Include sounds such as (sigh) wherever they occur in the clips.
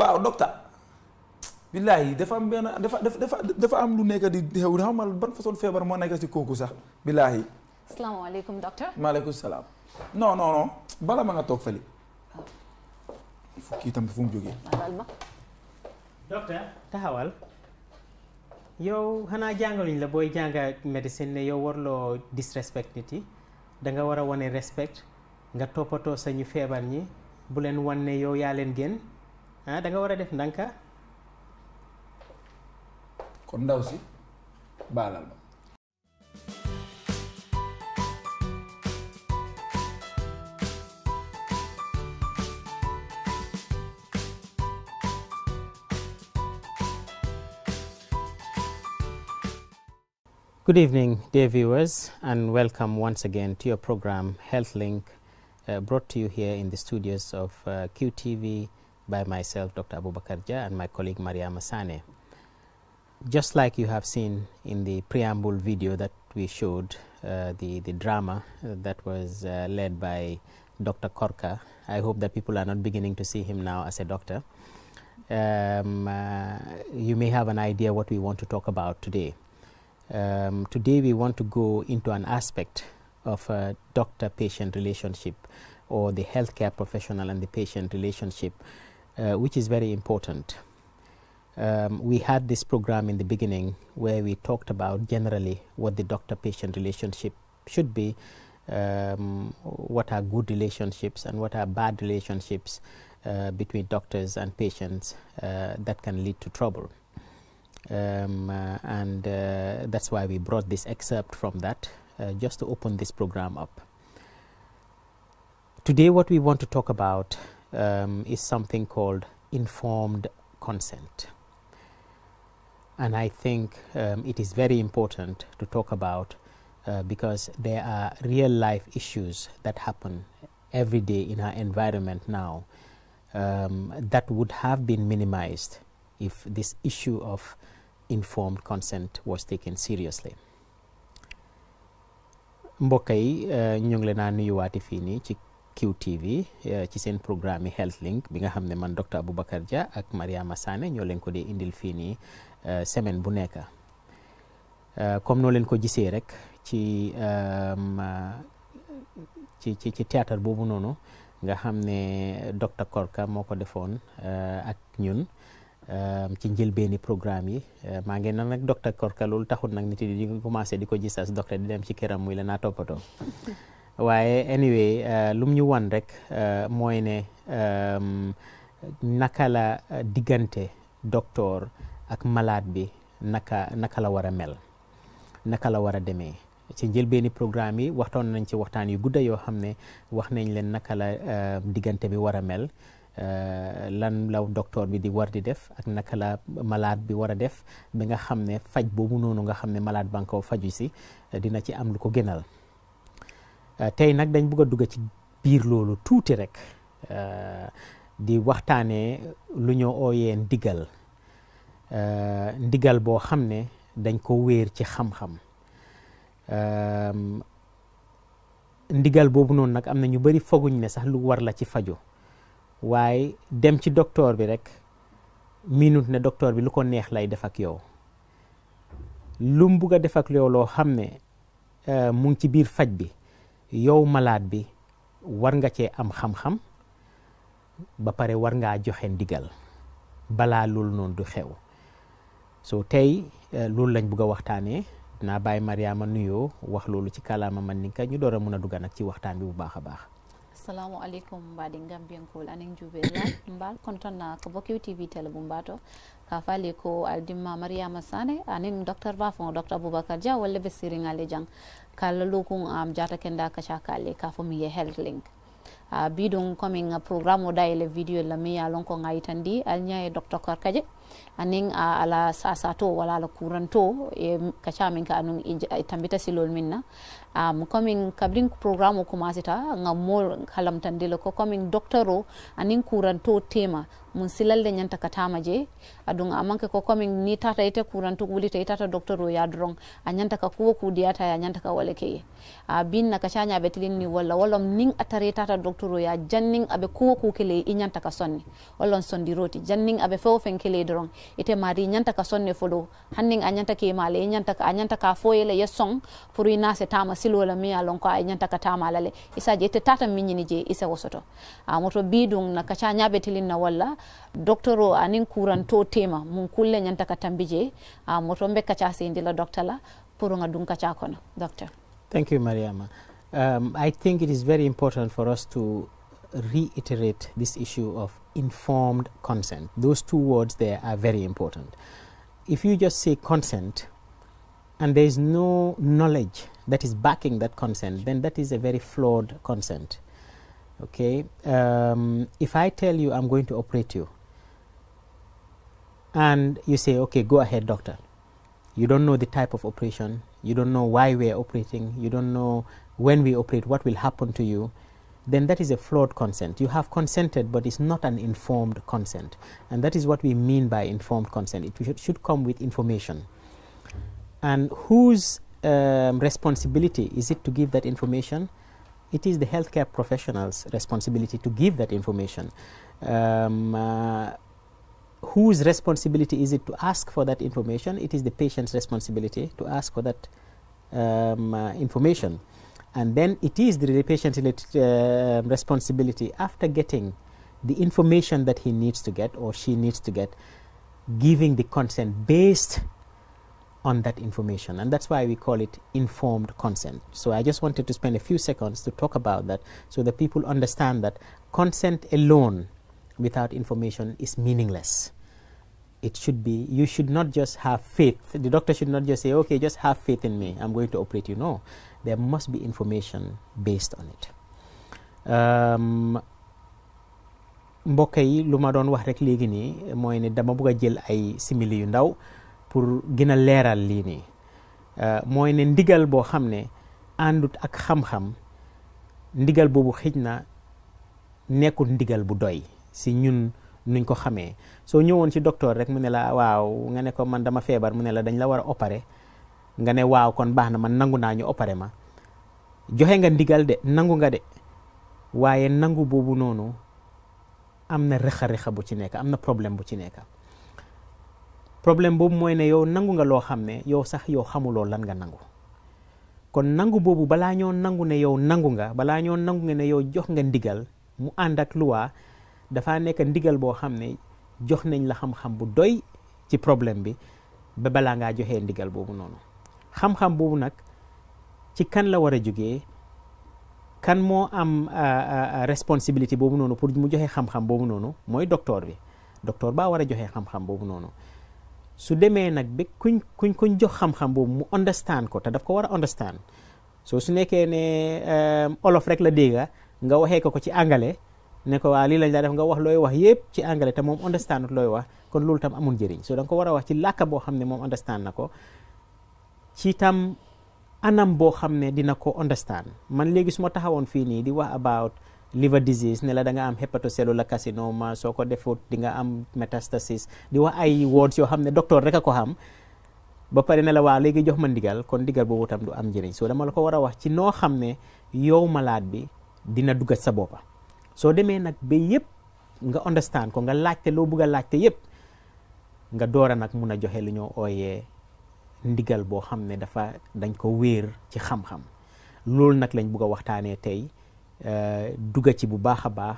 waaw docteur billahi dafa am benn dafa dafa dafa am lu nekk di xew xamal ban façon feebar moo nekk ci kooku sax billahi salaamaaleykum docteur maaleykum salaam non non non bala ma nga toog fële fukki tam fu mu jógee docteur taxawal yow xanaa jàngaluñ la booy jànga ne yow warloo disrespect nit yi da nga war a wane respect nga toppatoo sañu feebar ñi bu leen wan ne yow yaa leen génn ah da nga def ndànka. kon ndaw si ma. Good evening, dear viewers, and welcome once again to your program HealthLink, uh, brought to you here in the studios of uh, QTV by myself, Dr. Abubakar Jah, and my colleague Maria Masane. Just like you have seen in the preamble video that we showed, uh, the, the drama uh, that was uh, led by Dr. Korka, I hope that people are not beginning to see him now as a doctor. Um, uh, you may have an idea what we want to talk about today. Um, today we want to go into an aspect of a doctor-patient relationship or the healthcare professional and the patient relationship uh, which is very important. Um, we had this program in the beginning where we talked about generally what the doctor-patient relationship should be, um, what are good relationships and what are bad relationships uh, between doctors and patients uh, that can lead to trouble. Um, uh, and uh, that's why we brought this excerpt from that uh, just to open this program up. Today what we want to talk about um, is something called informed consent. And I think um, it is very important to talk about uh, because there are real life issues that happen every day in our environment now um, that would have been minimized if this issue of informed consent was taken seriously. mbokk yi uh, ñu ngi QTV ya, ci sen programme Health Link bi nga xam ne man Dr Aboubacar Dia ak Maria Massane ñoo leen ko di indil fii nii semaine bu nekk comme no leen ko gisee rek ci ci ci ci théâtre bobu nga ne Korka moko defone euh ak ñun ci njëlbeeni programme yi eh, ma ngeen na nak docteur Korka loolu taxul nak nit yi di commencé di ko gis as docteur di dem ci muy la na topato waaye anyway euh, lum ñu wan rek euh, mooy ne euh, naka la diggante docteur ak malaat bi naka naka la war a mel naka la war a demee ci njëlbeeni programme yi waxtoon nañ ci waxtaan yu gudda yoo xam ne wax nañ leen naka la diggante bi war a mel lan la docteur bi di war di def ak naka la malaat bi war a def bi nga xam ne faj boobu noonu nga xam ne malaat banko faju si dina ci am lu ko gënal Euh, tey nag dañ bëgg a dugg ci biir loolu tuuti rek euh, di waxtaanee lu ñu ooyee ndigal euh, ndigal boo xam ne dañ ko wéer ci xam-xam ndigal boobu noonu nag am na ñu bari foguñ ne sax lu war la ci faju waaye dem ci docteur bi rek minute ne docteur bi lu ko neex lay def ak yow lu mu bugg a def yow loo xam ne mu ngi ci biir faj bi yow malaat bi war nga cee am xam-xam ba pare war ngaa joxe ndigal balaa loolu noonu du xew so tey eh, loolu lañ bugg a waxtaanee dinaa bàyyi Mariama nuyoo wax loolu ci kàllaama man ninka ñu door a mun a dugg nag ci waxtaan bi bu baax a baax. assalamu aleykum mbaɗi gambiyankol anen juuɓela mbal kontonna ko bokew tv télé bo mbato ka faali ko aldimma mariama sane anin docteur bafon docteur aboubacar dia walla ɓe siringale jang kala lokun um, jata kenda kacha kale ka fo mi health link uh, bidon a uh, programme o da video la mi ya lon ko ngaitandi al nyaaye docteur kor kadje anin a ala sasato wala ala kuranto e kaca min ka anun e tambita silol min na um, komin kabrin programme o commenceta ngam mol halamtandila ko komin doctoro o anin kuranto tema mun silalle ñanta katama je adun amanke ko komin ni tata ite kuranto wulita itata docteur o ya doron a ñanta ka kuwo kudiyata ya ñanta ka wala keye a bin na kaca ñaɓe tilin ni walla wolom nin atare tata docteur o ya jannin aɓe kuwo kukele i ñanta ka sonni wollon sondiroti jannin aɓe fewo fen kele doron lon ite mari nyanta ka sonne folo hanning a nyanta ke male nyanta ka nyanta ka foyele ye song pour ina se tama silo la mi alon ko a nyanta ka tama lale isa je ite tata minni je isa wosoto a moto bidung na kacha nyabe tilin na walla doktoro anin kuran to tema mun kulle nyanta ka tambije a moto mbe kacha se ndila la pour nga dun kacha kono doctor thank you mariama um, i think it is very important for us to reiterate this issue of informed consent. Those two words there are very important. If you just say consent and there is no knowledge that is backing that consent, then that is a very flawed consent. Okay, um, if I tell you I'm going to operate you, and you say, okay, go ahead, doctor. You don't know the type of operation, you don't know why we're operating, you don't know when we operate, what will happen to you then that is a flawed consent. You have consented, but it's not an informed consent. And that is what we mean by informed consent. It should, should come with information. And whose um, responsibility is it to give that information? It is the healthcare professional's responsibility to give that information. Um, uh, whose responsibility is it to ask for that information? It is the patient's responsibility to ask for that um, uh, information and then it is the patient's uh, responsibility after getting the information that he needs to get or she needs to get giving the consent based on that information and that's why we call it informed consent so i just wanted to spend a few seconds to talk about that so that people understand that consent alone without information is meaningless it should be you should not just have faith the doctor should not just say okay just have faith in me i'm going to operate you no there must be information based on it um, mbokk yi lu ma doon wax rek léegi nii mooy ne dama bëgg a jël ay simili yu ndaw pour gën a leeral lii nii uh, mooy ne ndigal boo xam ne àndut ak xam-xam ndigal boobu xij na nekkul ndigal bu doy si ñun nuñ ko xamee soo ñëwoon ci docteur rek mu ne la waaw nga ne ko man dama feebar mu ne la dañ la war a opare nga ne waaw kon baax na man nangu naa ñu opéré ma joxe nga ndigal de nangu nga de waaye nangu boobu noonu am na rëxa-rëxa bu ci nekk am na problème bu ci nekk problème boobu mooy ne yow nangu nga loo xam ne yow sax yow xamuloo lan nga nangu kon nangu boobu balaa ñoo nangu ne yow nangu nga balaa ñoo nangu nga ne yow jox nga ndigal mu ànd ak luwaa dafa nekk ndigal boo xam ne jox nañ la xam-xam bu doy ci problème bi ba balaa ngaa joxee ndigal boobu noonu xam-xam boobu nag ci kan la war a jógee kan moo am responsibility boobu noonu pour mu joxe xam-xam boobu noonu mooy doctor bi docteur baa war a joxe xam-xam boobu noonu su demee nag ba kuñ kuñ kuñ jox xam-xam boobu mu understand ko te daf ko war a understand soo su nekkee ne olof rek la dégga nga waxee ko ko ci angale ne ko waa lii lañ daa def nga wax looy wax yëpp ci angale te moom understand looy wax kon loolu tam amul njëriñ so da ko war a wax ci làkk boo xam ne moom understand na ko ci tam anam boo xam ne dina ko understand man léegi su ma taxawoon fii nii di wax about liver disease ne la da nga am hepatocellular carcinoma soo ko defut di nga am metastasis di wax ay words yoo xam ne docteur rek a ko xam ba pare ne la waa léegi jox ma ndigal kon digal boobu tam du am njëriñ soo dama la ko war a wax ci noo xam ne yow malaat bi dina duggat sa boppa soo demee nag ba yëpp nga understand ko nga laajte loo bugg a laajte yépp nga door a nag mun a joxe lu ñoo ooyee ndigal boo xam ne dafa dañ ko wéer ci xam-xam loolu nag lañ bugg waxtaanee tey euh, dugga ci bu baax a baax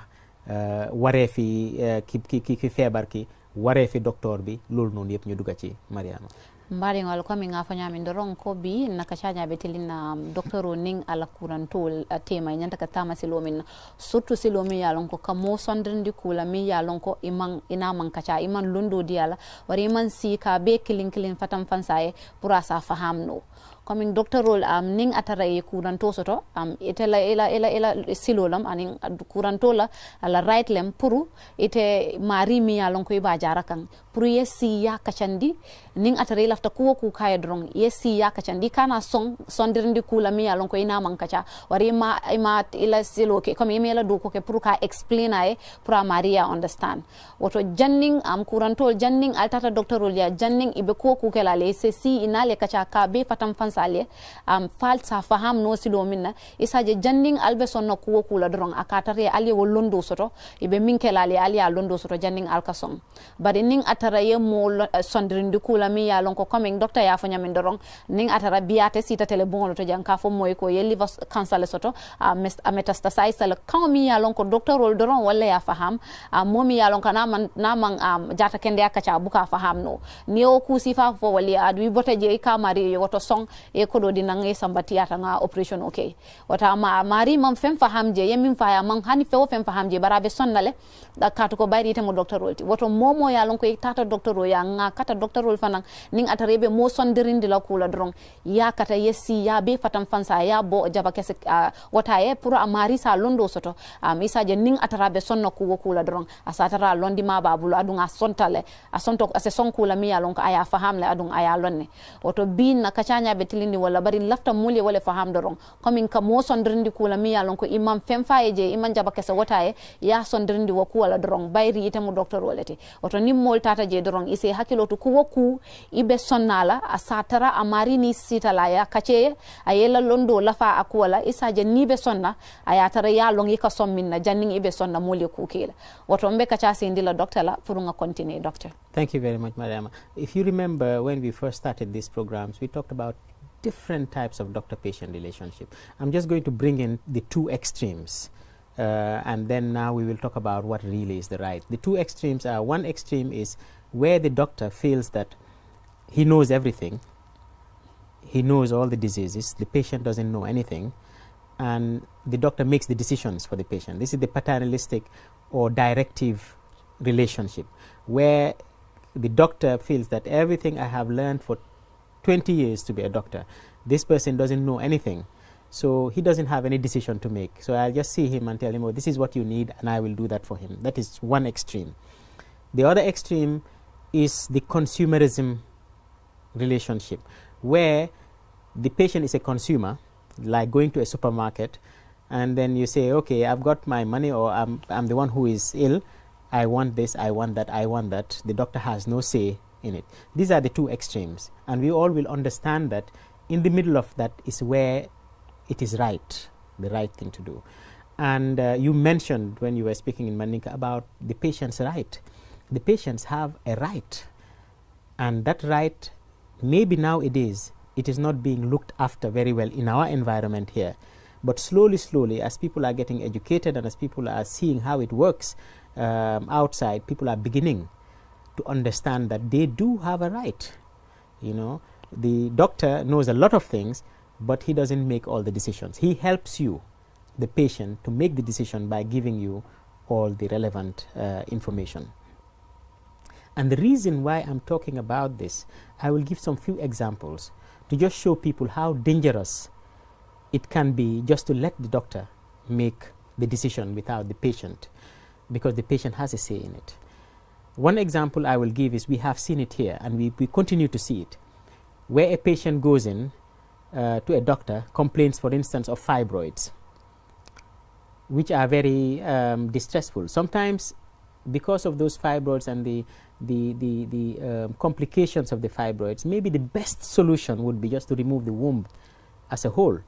euh, waree fi euh, ki ki ki feebar ki waree fi docteur bi loolu noonu yëpp ñu dugga ci Mariama Um, ko mi ga foñami ndoron ko bi nakacañaɓe telina docteur o nin ala courantol tema nyanta ka tama silomin surtout silomin yalon ko kamo sondirndi kula min yalon ko iman ina man cha iman londo diyala wari iman si ka be kilin kilin fatan fansaye pour a sa fahamno komin doctorol am um, nin atara e kuranto soto um, itela ila ila ila silolam anin kuranto la ala right lem puru ite mari mi ya lon ko iba jara kan puru ye si ya kacandi nin atara ila ta kuwo ku kaya drong ye si ya kacandi kana son sondirndi kula mi ya lon ko ina man kacha wari ma ma ila silo ke komi mi do ko ke puru ka explain ay pura maria understand woto janning am um, kuranto janning altata doctorol ya janning ibe ko ku kala le se si inale kacha ka be patam fan sale um, falsa faham no silo minna isaje jandin albe sonno kuwo kula doron akatare ali wo londo soto ibe minkelali ali a londo soto jandin alkason bari ning atara ye mo uh, eh, sondirindi kula mi ya lon ko coming docteur ya fo nyamin doron nin atara biate sita tele bon to janka fo moy ko ye liver cancer soto a uh, metastasize le kan mi ya lon ko docteur ol doron wala ya faham uh, momi ya lon kana man naman um, jata kende akacha buka faham no ni o kusifa fo wali adu botaje je ka mari yoto song e kodo di nange sambati sambatiyata nga operation ok wata ma mari man fen fahamje yemin faya man hani fewo fen fahamje baraɓe sonnale katu ko bayri yitemo docteur rolti ti woto momo ya lon ko tata docteur o ya ga kata docteur rol fanan ning atarebe mo sondirinde la kula doron ya kata yessi ya be fatam fansa ya bo jaba kese uh, wata ye pour a mari sa londo soto um, isaje nin ataraɓe sonno kuwo kula doron asatara londi ma babulu adun a sontale a sonto ase son kula mi ya lon ko aya fahamle adun aya lonne woto bin na kachanya kacañaɓe kilindi walla bari lafta mulye wala fo hamde ron commin ka mo sondirndi kuula mi yalon ko imman fen fa je imman jaba kese wota e ya sondirndi wo kuwala dorong bayri ite mu docteur wolete woto nimmol tata je dorong ise hakkilo to kuwo ku ibe sonnala a satara a marini sitala ya kaceye a yela londo lafa a kuwala isa je ni be sonna a yatara yalon yika minna janning ibe sonna muuli kukila woto mbe kaca sindila docteur la pour nga continue docteur thank you very much madama if you remember when we first started these programs we talked about different types of doctor-patient relationship. I'm just going to bring in the two extremes. Uh, and then now we will talk about what really is the right. The two extremes are one extreme is where the doctor feels that he knows everything, he knows all the diseases, the patient doesn't know anything, and the doctor makes the decisions for the patient. This is the paternalistic or directive relationship where the doctor feels that everything I have learned for 20 years to be a doctor. This person doesn't know anything. So he doesn't have any decision to make. So I'll just see him and tell him, oh, this is what you need, and I will do that for him. That is one extreme. The other extreme is the consumerism relationship, where the patient is a consumer, like going to a supermarket, and then you say, okay, I've got my money, or I'm, I'm the one who is ill. I want this, I want that, I want that. The doctor has no say in it. These are the two extremes, and we all will understand that in the middle of that is where it is right, the right thing to do. And uh, you mentioned when you were speaking in Maninka about the patient's right. The patients have a right, and that right, maybe nowadays, it is not being looked after very well in our environment here. But slowly, slowly, as people are getting educated and as people are seeing how it works um, outside, people are beginning to understand that they do have a right. You know, the doctor knows a lot of things, but he doesn't make all the decisions. He helps you, the patient, to make the decision by giving you all the relevant uh, information. And the reason why I'm talking about this, I will give some few examples to just show people how dangerous it can be just to let the doctor make the decision without the patient because the patient has a say in it. One example I will give is we have seen it here and we, we continue to see it. Where a patient goes in uh, to a doctor, complains, for instance, of fibroids, which are very um, distressful. Sometimes, because of those fibroids and the, the, the, the um, complications of the fibroids, maybe the best solution would be just to remove the womb as a whole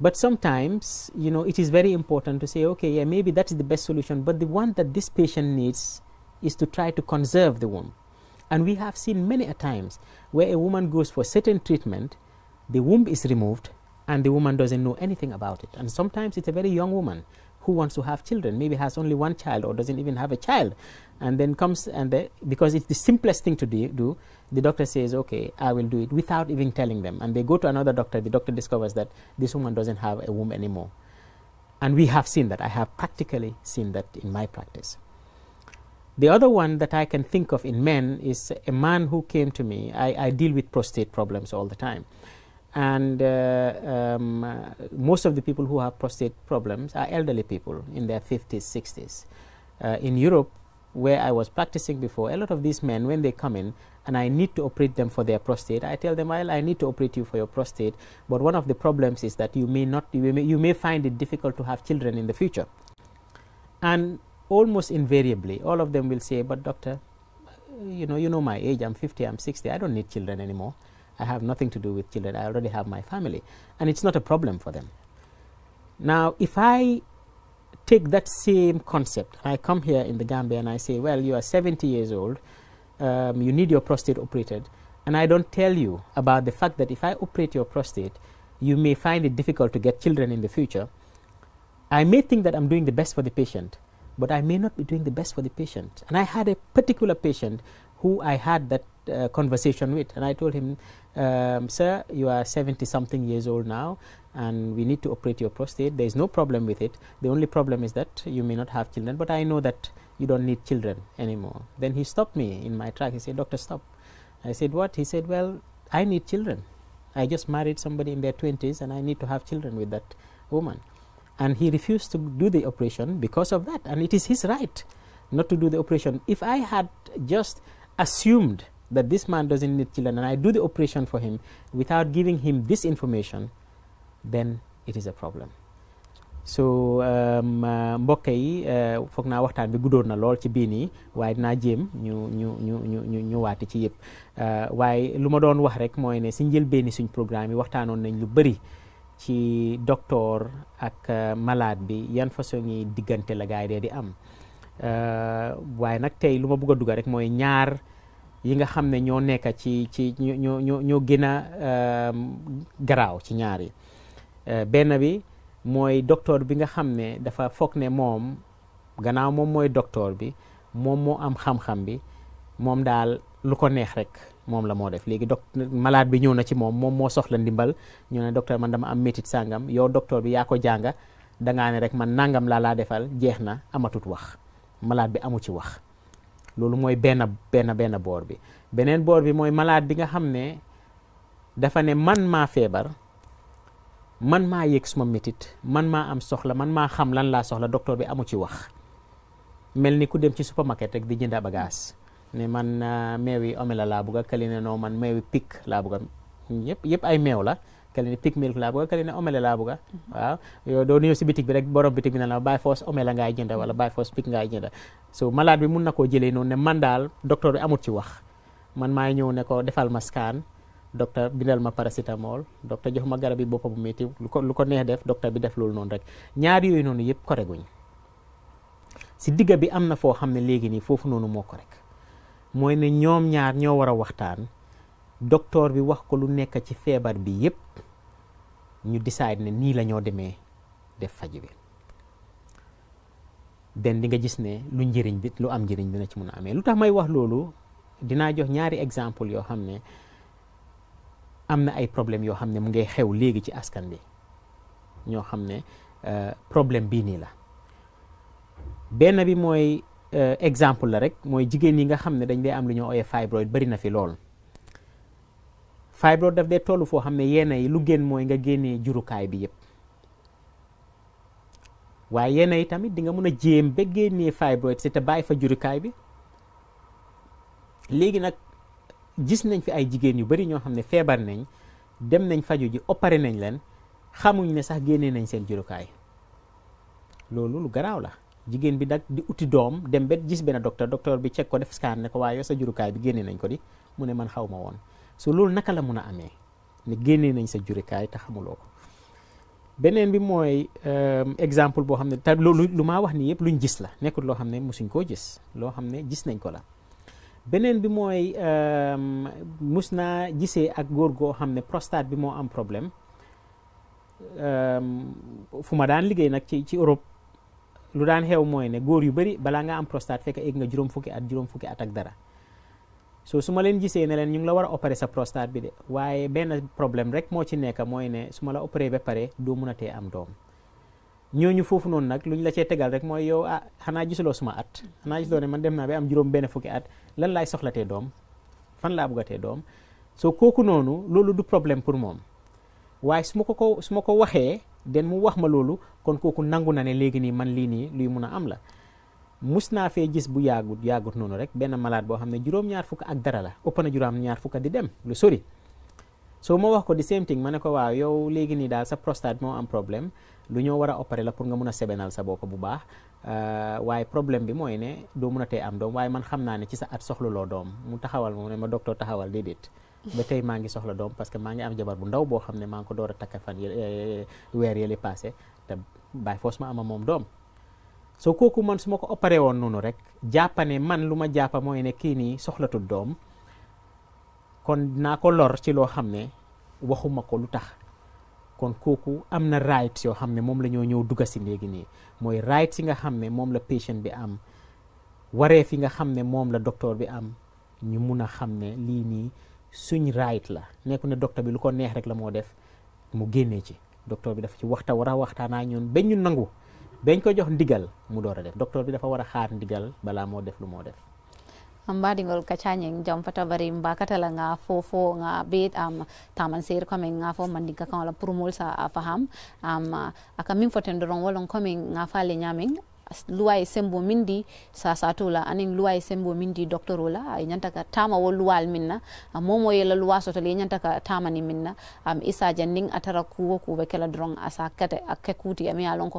but sometimes, you know, it is very important to say, okay, yeah, maybe that is the best solution, but the one that this patient needs is to try to conserve the womb. And we have seen many a times where a woman goes for certain treatment, the womb is removed, and the woman doesn't know anything about it. And sometimes it's a very young woman who wants to have children maybe has only one child or doesn't even have a child and then comes and the, because it's the simplest thing to do, do, the doctor says okay i will do it without even telling them and they go to another doctor the doctor discovers that this woman doesn't have a womb anymore and we have seen that i have practically seen that in my practice the other one that i can think of in men is a man who came to me i, I deal with prostate problems all the time and uh, um, uh, most of the people who have prostate problems are elderly people in their 50s, 60s. Uh, in Europe, where I was practicing before, a lot of these men, when they come in and I need to operate them for their prostate, I tell them, well, I need to operate you for your prostate, but one of the problems is that you may, not, you may, you may find it difficult to have children in the future. And almost invariably, all of them will say, but doctor, you know, you know my age, I'm 50, I'm 60, I don't need children anymore. I have nothing to do with children. I already have my family. And it's not a problem for them. Now, if I take that same concept, I come here in the Gambia and I say, well, you are 70 years old, um, you need your prostate operated, and I don't tell you about the fact that if I operate your prostate, you may find it difficult to get children in the future. I may think that I'm doing the best for the patient, but I may not be doing the best for the patient. And I had a particular patient who I had that uh, conversation with, and I told him, um, sir, you are 70 something years old now and we need to operate your prostate. There is no problem with it. The only problem is that you may not have children, but I know that you don't need children anymore. Then he stopped me in my track. He said, Doctor, stop. I said, What? He said, Well, I need children. I just married somebody in their 20s and I need to have children with that woman. And he refused to do the operation because of that. And it is his right not to do the operation. If I had just assumed that this man doesn't need children and I do the operation for him without giving him this information, then it is a problem. so um, uh, mbokk yi uh, foog naa waxtaan bi guddoon na lool ci bii nii waaye dinaa jéem ñu ñu ñu ñu ñu waati ci yëpp uh, waaye lu ma doon wax rek mooy ne si njëlbeeni suñ programme yi waxtaanoon nañ lu bëri ci docteur ak malade bi yan façon yi diggante la gaay dee di am waaye nag tey lu ma bëgg a dugg rek mooy ñaar. yi nga xam ne ñoo nekk ci ci ñoo ñoo ñoo gën a euh, garaaw ci ñaar yi euh, benn bi mooy docteur bi nga xam ne dafa foog ne moom gannaaw moom mooy docteur bi moom moo am xam-xam bi moom daal lu ko neex rek moom la moo def léegi doc malaat bi ñëw na ci moom moom moo soxla ndimbal ñu ne docteur man dama am métit sàngam yow docteur bi yaa ko jànga dangaa ne rek man nangam laa laa defal jeex na amatut wax malaat bi amu ci wax loolu mooy benn benn benn boor bi beneen boor bi mooy malaat bi nga xam ne dafa ne man maa feebar man maa yëg suma métit man maa am soxla man maa xam lan laa soxla docteur bi amu ci wax mel ni ku dem ci supermarket rek di jënda bagaas ne man ah, meewi omela laa bugga kali ne noo man meewi pik laa bugga yëpp yëpp ay meew la kalene pikmil laabuga kalene omele laabuga mhm. waaw yo doo ñëw si bitik bi rek borom bitik bi na la by force omele ngay jënda wala by force pik ngay jënda so malade bi mun na koo jëlee noonu ne daal docteur bi amut ci wax man maay ñëw ne ko defal ma scan docteur bindal ma paracetamol docteur jox ma garab yi boppa bu métti lu ko lu ko neex def docteur bi def loolu noonu rek ñaar yooyu noonu yëpp koreguñ si bi am na foo xam ne léegi nii foofu noonu moo ko rek mooy ne ñoom ñaar ñoo war a waxtaan docteur bi wax ko lu nekk ci feebar bi yépp ñu decide ne nii lañoo demee def faj bi den di nga gis ne lu njëriñ bi lu am njëriñ dina ci mun a amee lu tax may wax loolu dinaa jox ñaari exemple yoo xam ne am na ay problème yoo xam ne mu ngay xew léegi ci askan bi ñoo xam ne euh, problème bii nii la benn bi mooy euh, exemple la rek mooy jigéen yi nga xam ne dañ dee am lu ñoo ooyee fibroid bari na fi lool fibroid daf dee tollu foo xam ne yenn yi lu génn mooy nga génnee jurukaay bi yëpp waaye yenn yi tamit di nga mun a jéem ba génnee fibroid si te bàyyi fa jurukaay bi léegi nag gis nañ fi ay jigéen yu bari ñoo xam ne feebar nañ dem nañ faju ji opéré nañ leen xamuñ ne sax génnee nañ seen jurukaay loolu lu garaaw la jigéen bi nag di uti doom dem ba gis benn docteur docteur bi cek ko def scan ne ko waaye sa jurukaay bi génnee nañ ko di mu ne man xaw woon so loolu naka la mun a amee ne génnee nañ sa jurikaay te xamuloo ko beneen bi mooy euh, exemple boo xam ne te loolu lu maa wax nii yëpp luñ gis la nekkul loo xam ne musuñ koo gis loo xam ne gis nañ ko la beneen bi mooy euh, mus naa gisee ak góor goo xam ne prostate bi moo am problème euh, fu ma daan liggéey nag ci ci Europe lu daan xew mooy ne góor yu bari balaa nga am prostate fekk egg nga juróom fukki at juróom fukki at ak dara so su ma leen gisee ne leen ñu ngi la war a opérer sa prostate bi de waaye benn problème rek moo ci nekk mooy ne su ma la opéré ba pare doo mun a tee am doom ñooñu foofu noonu nag lu ñu la cee tegal rek mooy yow a ah, xanaa gisuloo suma at xanaa gisuloo ne man dem naa ba am juróom benn fukki at lan laay soxlatee doom fan laa bëggatee doom soo kooku noonu loolu du problème pour moom waaye su ma ko ko su ma ko waxee den mu wax ma loolu kon kooku nangu na ne léegi nii man lii nii luy mun a am la musna fe gis bu yagut yagut nonu rek ben malade bo xamne ne ñaar fuk ak dara la ëpp na ñaar fuk di dem lu sori so mo wax ko di same thing ma ne ko waaw yow léegi ni dal sa prostate mo am problème lu ñoo wara opérer la pour nga mëna sébénal sa bopp bu baax euh, waye problème bi moy né do mëna tay am do waye man xamna né ci sa at lo dom mu taxawal mo né ma docteur taxawal dedet ba tay ma ngi soxla dom parce que ma ngi am jabar bu ndaw bo xam ma ko doora a takka fan euh, passé té bay ma soo kooku man su ma ko opéré woon noonu rek jàppane man lu ma jàppa mooy ne kii nii soxlatul doom kon naa ko lor ci loo xam ne waxuma ko lu tax kon kooku am na right yoo xam ne moom la ñoo ñëw dugga léegi nii mooy right yi nga xam ne moom la patient bi am waree fi nga xam ne moom la docteur bi am ñu mun a xam ne lii nii suñ right la nekku ne docteur bi lu ko neex rek la moo def mu génnee ci docteur bi dafa ci waxta war a waxtaanaa ñun ba ñu nangu dañ ko jox ndigal mu doora def docteur bi dafa wara xaar ndigal bala mo def lu mo def mbaɗigol kacañing jam fatabari mbakatala nga fofo nga bet am taman sir coming nga fo mandinka ka wala promol sa faham am aka min foten doron wolon coming nga fale nyaming. luway sembo min di sasato la anin luway sembo min di doctoro la e ñanta ka tama wo luwal min na momo ye la luwa soto le e ñanta ka tamani min na am isa janding atara kuwo kuɓe kela doron asa kete a ke kuti ami alon ko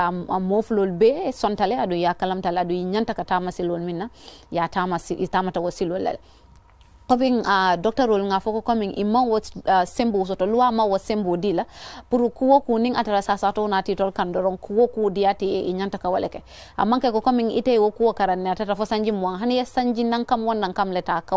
um, mofulol be sontale aɗum ya kalamtale aɗum ñanta ka tama silol min na ya tama tamata wo silol kobing uh, doctor rol nga foko coming imma what uh, sembo soto luwa ma what sembo dila puru kuo kuning atara sasa to na titol kandoron kuo ku diati e inyanta ka waleke amman ke ko coming ite wo kuo karan na tata fo sanji mo hani sanji nan kam won nan kam leta ka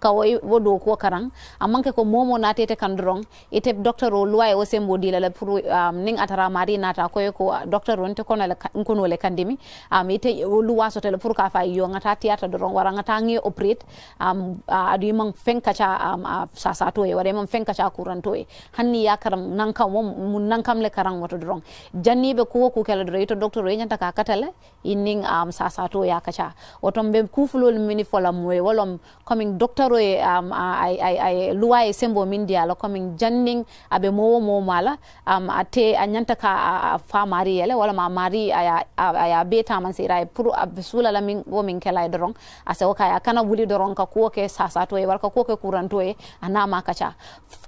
ka e wo do kuo karan amman ke ko momo na tete kandoron ite doctor rol luwa e wo sembo dila la pour um, ning atara mari na ta ko ko uh, doctor ron te kono le kono le kandimi am um, ite wo luwa soto le puru ka fa yo ngata tiata doron wara ngata ngi operate am um, uh, waɗi man fenkaca um, a uh, sasato e waɗa man fenkaca kuranto e hanni ya karam nankam mu nankam le karan wato doron janniɓe kuwo kukele doro yito docteur e ñanta ka katale innin um, sasato ya kaca woton ɓe kufulol mini fola moye wolom commin docteur e um, ay luwa e sembo min diyala commin jannin aɓe mowo momala um, ate a ñanta ka a, a fa mari yele wala ma mari aya, aya betaman sira e pour a sulala min wo min kela e doron ase wo kaya kana wuli doron ka kuwo ke sasato toye wal ka ko ke kuran toye anama kacha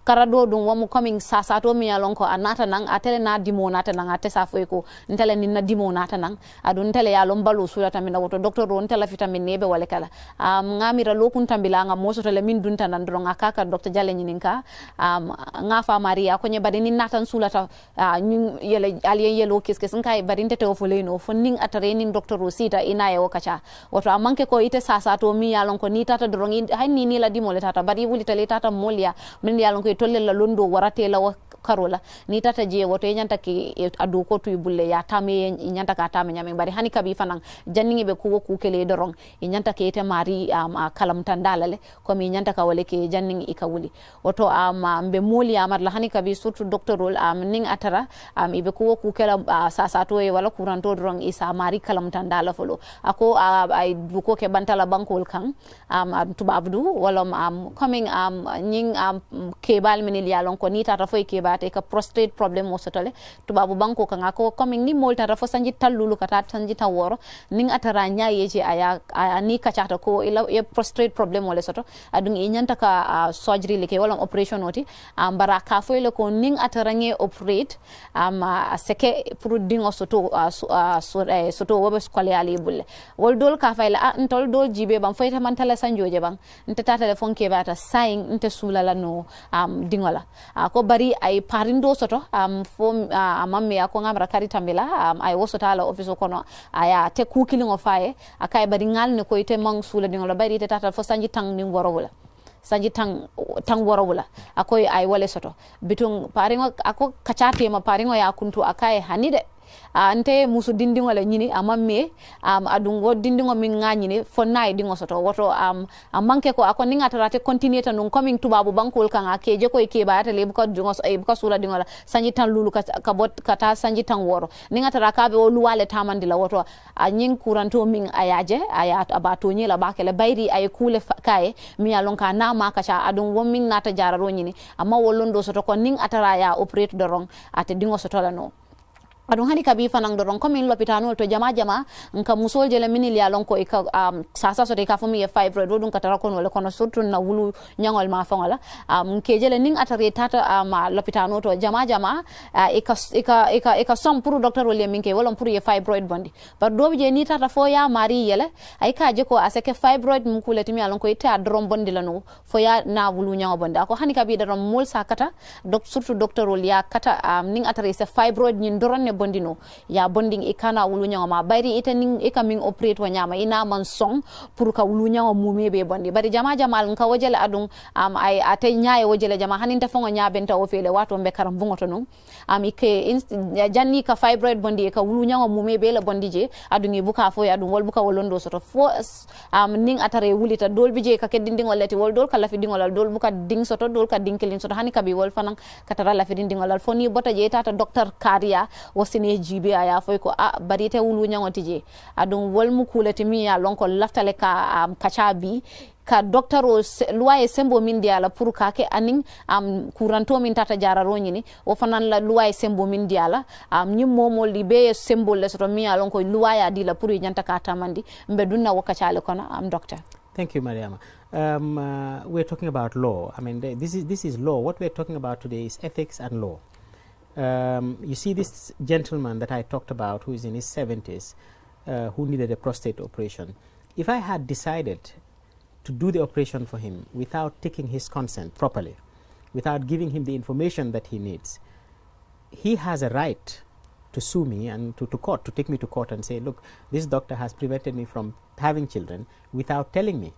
kara do ɗum wamu coming sasa to mi alon ko a nata nan a na dimo nata nan a tesa ntele ni na dimo nata nan aɗum tele yalon balo sulata min woto docteur o ntela fita nebe wale kala um, ngamira lokun tambilanga mosotole min dunta nan doron a kaka docteur jale ñinin ka um, nga fa maria ko bari ni natan sulata uh, yele aliyen yelo kiskes nka bari ntete o foleno fo ning atare nin docteur ina e wakacha woto amanke ko ite sasa to mi yalon ko ni tata doron hay ni ni la dimo le tata bari wulita le tata molya min yalon ko tolle la londo warate la karola la ni tata je woto e ki eh, adu ko tuy bulle ya tame ñanta ka tame nyame bari hani kabi fanan janniŋe ɓe kuwo kukele doron e ke te mari um, kalam uh, kalamtandala le comme e ñanta ka wole ke janniŋ i ka wuli woto um, uh, be moli amar la hani kabi surtout doctorol um, niŋ a tara um, iɓe kuwo kukela uh, to e wala to doron i sa mari tandala folo ako uh, ay duko ke bantala bankol kan am um, uh, tubabdu wala um, um coming um, ñiŋ um, kebal minil ya lon ko ni tata foye kebal kate ka prostate problem o sotole tubabu banko kan ako coming ni molta rafo sanji tallulu kata sanji tan woro atara nya yeje aya, aya ni kacata ko ila e prostate problem o le soto adun e nyanta ka uh, surgery le wala operation oti um, ka fo le ko nin atara nge operate um, uh, seke pour dingo soto uh, so, uh, so, uh, soto wobe skole ali bulle wol dol ka fayla a ntol dol jibe ban fayta man tala sanjoje ban nta tata le bata sayin nta sulala no um, dingola uh, ko bari ay parindo soto um, fo uh, mammiya ko gamra kari tambila um, ay wosoto ala office o kono aya te kukiliŋo faye akaye bari ne koy te maŋ suula ni ngolo bari ite tatal fo sanji tang ni woro wula sanji tang tang worawula akoy ay wale soto bitun paringo ako ma paringo ya kuntu akaye hanide uh, nte musu dindiŋo le ñini amaŋ mee um, aduŋ wo dindiŋo miŋ ŋa ñini fo naŋ ye diŋo soto woto um, a manke ko ako niŋ a tara e ate continue ta nuŋ commiŋ tubaabu bankoolu kaŋ a keje ko i keebaayata le ibuka e diŋo ibuka e suula la sanji taŋ luulu ka, ka sanji taŋ wooro niŋ a tara ka be wo luwaa le la woto a ñiŋ kurantoo miŋ a ye a je a a a tooñee la baake le bayiri a ye kuu le ka ye miŋ ye a loŋ a naa maa kaca aduŋ wo miŋ naata jaararoo ñini a maŋ wo londoo soto ko niŋ a a ye aɗum hani kabi fanan ɗo ɗon commin l'hôpitanol to jama jama nka musolje le mini liya ko ika um, sasa ka ika fomi ye fibroid ɗo ɗum ka tara konole kono surtout na wulu ñagol ma faŋola um, keje le nin atare tata um, l'hôpitanol to jama jama uh, ika, ika, ika, ika som pour docteur wol min ke wolon pour ye fibroid bondi bar doɓe je ni tata fo ya mari yele ay ka je ko aseke fibroid kulati mi alon ko itte a doron bondi la no fo ya na wulu ñago bondi ako hani kabi ɗaɗon mol sa kata doc, surtout docteur wol kata um, nin atare se fibroid ñin doron bondino ya bondin i kana wulu nyaŋo ma bari ita nin i ka min operate wa nyama ina man song pour ka wulu nyaŋo mume be bondi bari jama jamal ka wajele adun am ay ate nyaaye wajele jama hanin ta fongo nyaabenta wo fele wato mbe karam bungo to am ike janni ka fibroid bondi ka wulu nyaŋo mume be la bondi je adun i buka fo adun wol buka wolondo soto fo am nin atare wulita dol bije ka keddi dingol leti wol dol ka lafi dingol dol buka ding soto dol ka ding kelin soto hani kabi wol fanan katara lafi dingol fo ni bota je tata docteur kariya wo wasine jibe a ya foy ko ah, a bariyete wulu ñaŋoti je aɗum wolmu kulati mi ya lon ko laftale ka um, kachabi bi ka doctaro luwa ye sembo min dia la pour ka ke anin um, kuranto min tata jararo ni wo fanan la luwa e sembo min dia a la um, ñin momol li be ye les le soto min ye lon ko luwa ya di la pour e ñanta ka tamandi mbe dunna wo kacale kono am um, docteur Thank you, Mariama. Um, uh, we're talking about law. I mean, this is, this is law. What we're talking about today is ethics and law. Um, you see this gentleman that I talked about who is in his 70s uh, who needed a prostate operation. If I had decided to do the operation for him without taking his consent properly, without giving him the information that he needs, he has a right to sue me and to, to court, to take me to court and say, look, this doctor has prevented me from having children without telling me.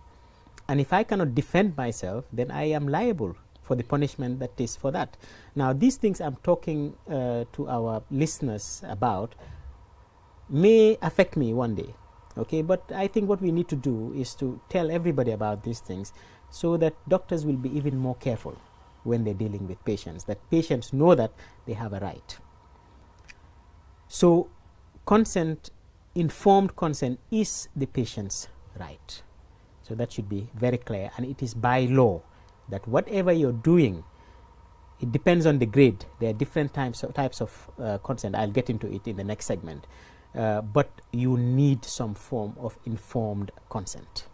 And if I cannot defend myself, then I am liable for the punishment that is for that. Now, these things I'm talking uh, to our listeners about may affect me one day, okay? But I think what we need to do is to tell everybody about these things so that doctors will be even more careful when they're dealing with patients, that patients know that they have a right. So, consent, informed consent, is the patient's right. So, that should be very clear, and it is by law that whatever you're doing, it depends on the grade. There are different types of, types of uh, consent. I'll get into it in the next segment. Uh, but you need some form of informed consent.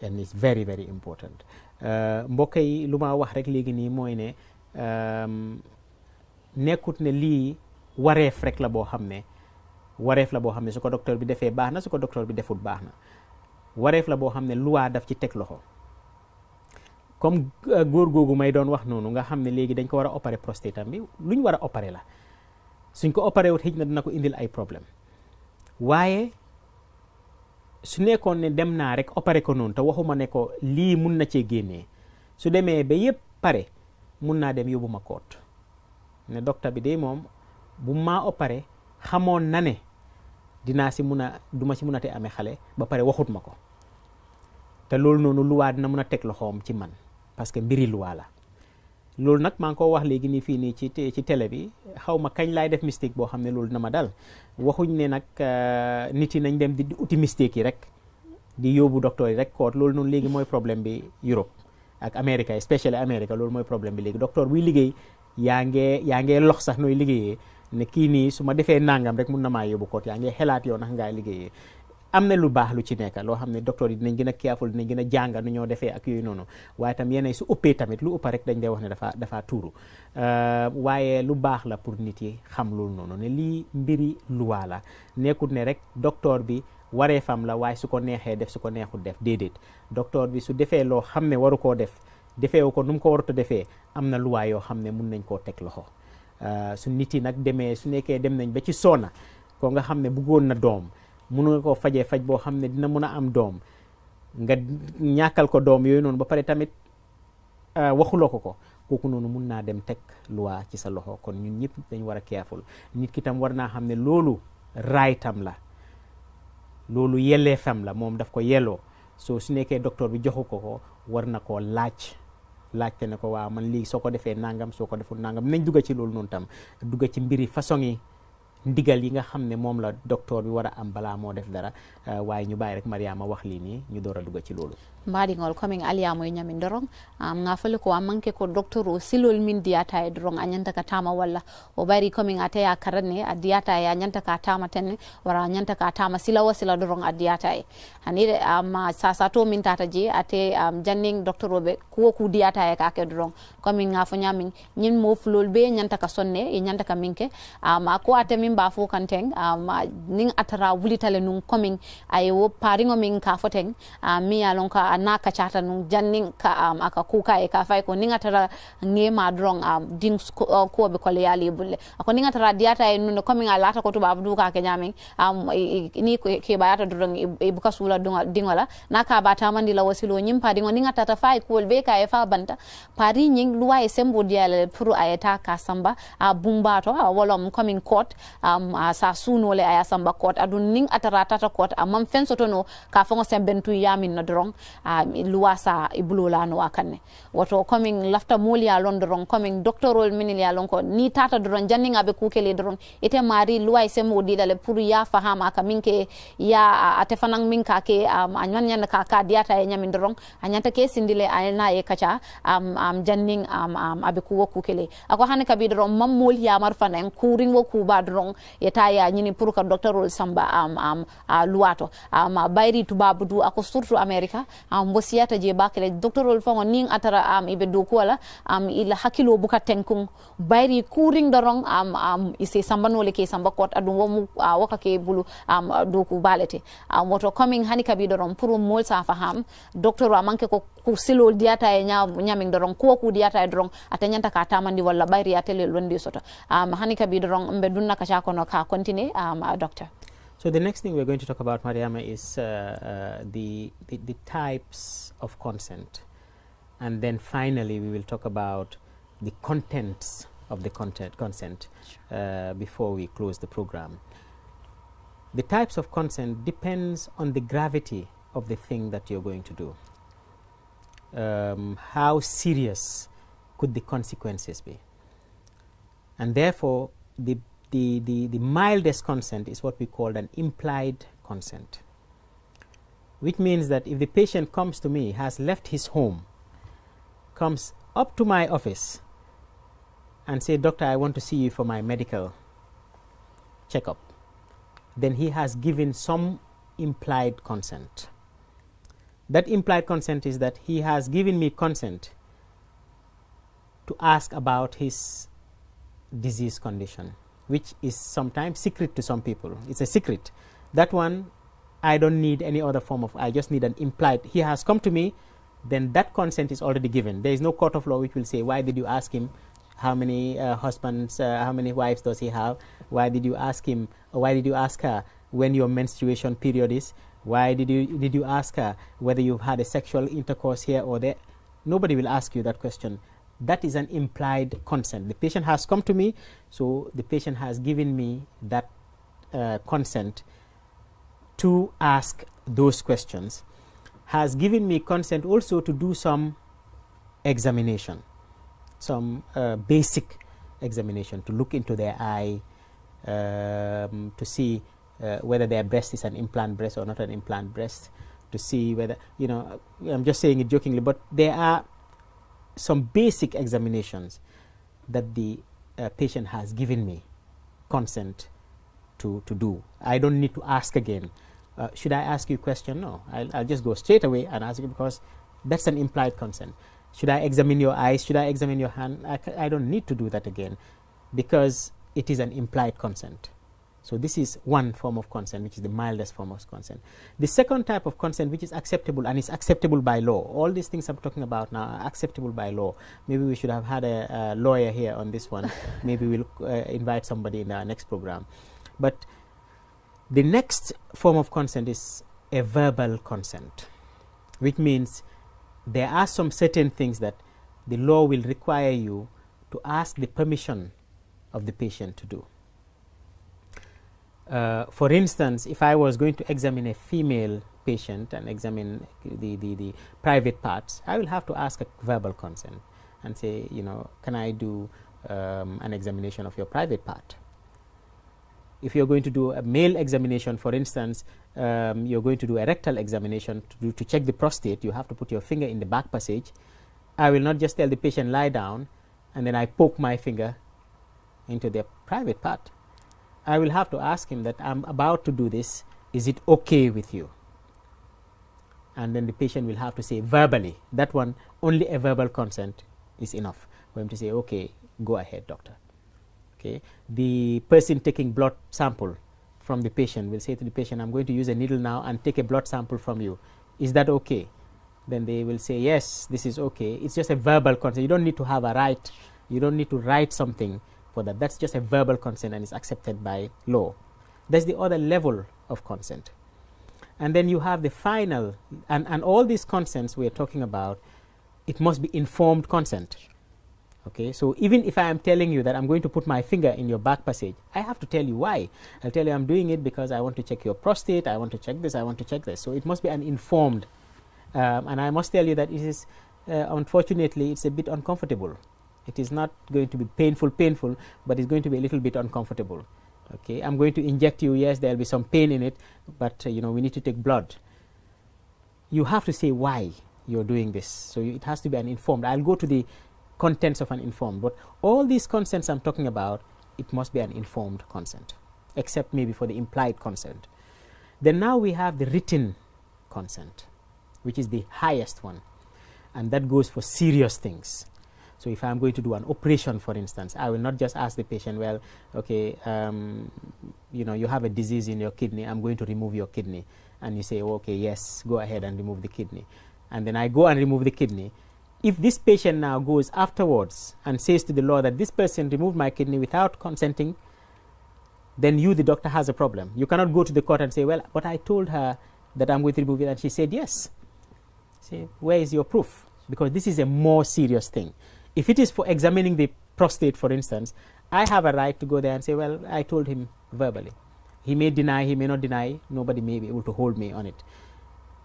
And it's very, very important. Uh, mbokk yi lu ma wax rek léegi nii mooy um, ne nekkut ne lii wareef rek la boo xam ne wareef la boo xam ne docteur bi defee baax na su ko docteur bi defut baax na wareef la boo xam ne luwaa daf ci teg loxo. comme euh, góor googu may doon wax noonu nga xam ne léegi dañ ko war a opérer prostate am bi lu ñu war a opérer la suñ ko opérer wut xëj na dina ko indil ay problème waaye su nekkoon ne dem naa rek opérer ko noonu te waxuma ne ko lii mun na cee génnee su demee ba yëpp pare mun naa dem yóbbu ma ne docteur bi de moom bu maa opérer xamoon na ne dinaa si mun a duma si mun a te amee xale ba pare waxut ma ko te loolu noonu luwaa dina mun a teg loxoom ci man parce que mbiri waa la loolu nag maa ngi ko wax léegi nii fii nii ci ci télé bi xaw ma kañ lay def mystique boo xam ne loolu na ma dal waxuñ ne nag euh, nit yi nañ dem di uti mystique yi rek di yóbbu docteur yi rek koot loolu noonu léegi mooy problème bi Europe ak Amérique especially Amérique loolu mooy problème bi léegi docteur buy liggéey yaa ngee yaa ngee lox sax nooy liggéeyee ne kii nii su ma defee nangam rek mun na maa yóbbu koot yaa ngee xelaat yow nax ngaa liggéeyee am na lu baax lu ci nekk loo xam ne docteur yi dinañ gën a careful dinañ gën a jànga nu ñoo defee ak yooyu noonu waaye tam yeneen su ëppee tamit lu ëpp rek dañ day wax ne dafa dafa tuuru euh, waaye lu baax la pour nit yi xam loolu noonu ne lii mbiri luwaa la nekkut ne rek docteur bi waree fam la waaye su ko neexee def su ko neexut def déedéet doctor bi su defee loo xam ne waru koo def defeewu ko nu mu ko warut a defee am na luwaa yoo xam ne mun nañ koo teg loxo euh, su nit yi nag demee su nekkee dem nañ ba ci soona ko nga xam ne bëggoon na doom mun nga koo fajee faj boo xam ne dina mun a am doom nga ñàkkal ko doom yooyu noonu ba pare tamit euh, waxuloo ko ko kooku noonu mun naa dem teg loi ci sa loxo kon ñun ñëpp dañ war a keeful nit ki tam war naa xam ne loolu raaytam la loolu yelleefam la moom daf ko yelloo soo su nekkee docteur bi joxu ko ko war na koo laaj laajte ne ko waaw man lii soo ko defee nangam soo ko deful nangam nañ dugga ci loolu noonu tam dugga ci mbiri façon yi ndigal yi nga xam ne moom la doctor bi war a am balaa moo def dara Eh, waaye ñu bàyyi rek mariama wax lii nii ñu door a dugg ci loolu mbaɗigol komin aliyamo e ñami dorong am nga fole ko am manque ko docteur o silol min diyata e dorong a ñanta ka tama walla o ɓari komin a teya karanne a diyata e a ñanta ka tama tenne wara a ñanta ka tama sila wo sila dorong a diyata e am sa sa to min tata ji ate am janning docteur o be kuwo ku diyata e kake dorong komin nga fo ñamin ñin mo fu ɓe ñanta ñantaka sonne e ñantaka ka minke um, ko ate min mba fo kanteng um, nin atara wulitale nun komin ay wo pariŋo ka fo teŋ miŋ ye a loŋ ko a naa kacata nuŋ janniŋ ka a ka kuuka ye ka e fay ko niŋ a tara ŋee doroŋ diŋ kuo be kole ye a le a ko niŋ tara diyaata ye nuŋ ne komiŋ a laata ko tubaabu duu ka ke ñaamiŋ niŋ keebayaata doroŋ i buka suula diŋo la naa ka a baa taamandi la wasiloo ñiŋ pariŋo niŋ a tata fay kuwol bee ka ye fa banta pari ñiŋ luwa ye sembo diya le pour a ye taa ka samba a bumbaato wolom komiŋ court a sa suunoo le a ye samba court aduŋ niŋ a tara a tata court a fen soto no k'a fa ngosem ben tu yamin na drong a luwa sa i la no akane woto coming lafta moli ya drong coming doctor ol minil ya lon ko ni tata drong janninga be ku kele drong ite mari luwa ise mo di dale pour ya fahama ka min ke ya ate fanan min ke am anyan nyan ka ka diata e nyamin drong anyata ke sindile a na e kacha am am janning am am abe ku woku kele ako hani kabi drong mam moli ya mar fana en kurin woku ba drong ye ya nyini pour ka doctor ol samba am am a luwa yato amma bayri tubabu du ako surtout america am wasiyata je bakele doctorol fango ning atara am ibe do kola am ila hakilo buka tenkun bayri kuring dorong am am ise le ke samba kot adum womu waka ke bulu am do ku balete am woto coming hani kabi dorong pour mol sa faham docteur wa manke ko ku silol diata e nyamin dorong ko ku diata e dorong atanyanta ka tamandi wala bayri atele londi soto am hani kabi dorong mbe dunna ka sha kono ka continue am doctor So the next thing we're going to talk about, Mariama, is uh, uh, the, the, the types of consent, and then finally we will talk about the contents of the content consent uh, before we close the program. The types of consent depends on the gravity of the thing that you're going to do. Um, how serious could the consequences be? And therefore, the the, the, the mildest consent is what we call an implied consent, which means that if the patient comes to me, has left his home, comes up to my office, and say, Doctor, I want to see you for my medical checkup, then he has given some implied consent. That implied consent is that he has given me consent to ask about his disease condition which is sometimes secret to some people. It's a secret. That one, I don't need any other form of, I just need an implied. He has come to me, then that consent is already given. There is no court of law which will say, why did you ask him how many uh, husbands, uh, how many wives does he have? Why did you ask him, why did you ask her when your menstruation period is? Why did you, did you ask her whether you've had a sexual intercourse here or there? Nobody will ask you that question that is an implied consent. The patient has come to me, so the patient has given me that uh, consent to ask those questions, has given me consent also to do some examination, some uh, basic examination to look into their eye um, to see uh, whether their breast is an implant breast or not an implant breast, to see whether, you know, I'm just saying it jokingly, but there are some basic examinations that the uh, patient has given me consent to, to do. I don't need to ask again. Uh, should I ask you a question? No, I'll, I'll, just go straight away and ask you because that's an implied consent. Should I examine your eyes? Should I examine your hand? I don't need to do that again because it is an implied consent. So this is one form of consent, which is the mildest form of consent. The second type of consent, which is acceptable and is acceptable by law. All these things I'm talking about now are acceptable by law. Maybe we should have had a, a lawyer here on this one. (laughs) Maybe we'll uh, invite somebody in our next program. But the next form of consent is a verbal consent, which means there are some certain things that the law will require you to ask the permission of the patient to do. Uh, for instance, if I was going to examine a female patient and examine the, the, the private parts, I will have to ask a verbal consent and say, you know, can I do um, an examination of your private part? If you're going to do a male examination, for instance, um, you're going to do a rectal examination to, do, to check the prostate, you have to put your finger in the back passage. I will not just tell the patient, lie down, and then I poke my finger into their private part. I will have to ask him that I'm about to do this. Is it okay with you? And then the patient will have to say verbally. That one, only a verbal consent is enough for him to say, okay, go ahead, doctor. Okay. The person taking blood sample from the patient will say to the patient, I'm going to use a needle now and take a blood sample from you. Is that okay? Then they will say, yes, this is okay. It's just a verbal consent. You don't need to have a right. You don't need to write something for that. That's just a verbal consent and is accepted by law. There's the other level of consent. And then you have the final, and, and all these consents we are talking about, it must be informed consent. Okay, so even if I am telling you that I'm going to put my finger in your back passage, I have to tell you why. I'll tell you I'm doing it because I want to check your prostate, I want to check this, I want to check this. So it must be an informed, um, and I must tell you that it is, uh, unfortunately, it's a bit uncomfortable it is not going to be painful, painful, but it's going to be a little bit uncomfortable. Okay, I'm going to inject you. Yes, there will be some pain in it, but uh, you know we need to take blood. You have to say why you're doing this. So you, it has to be an informed. I'll go to the contents of an informed, but all these consents I'm talking about, it must be an informed consent, except maybe for the implied consent. Then now we have the written consent, which is the highest one, and that goes for serious things. So if I'm going to do an operation, for instance, I will not just ask the patient, well, okay, um, you know, you have a disease in your kidney, I'm going to remove your kidney. And you say, oh, okay, yes, go ahead and remove the kidney. And then I go and remove the kidney. If this patient now goes afterwards and says to the law that this person removed my kidney without consenting, then you, the doctor, has a problem. You cannot go to the court and say, well, but I told her that I'm going to remove it, and she said yes. Say, where is your proof? Because this is a more serious thing if it is for examining the prostate for instance i have a right to go there and say well i told him verbally he may deny he may not deny nobody may be able to hold me on it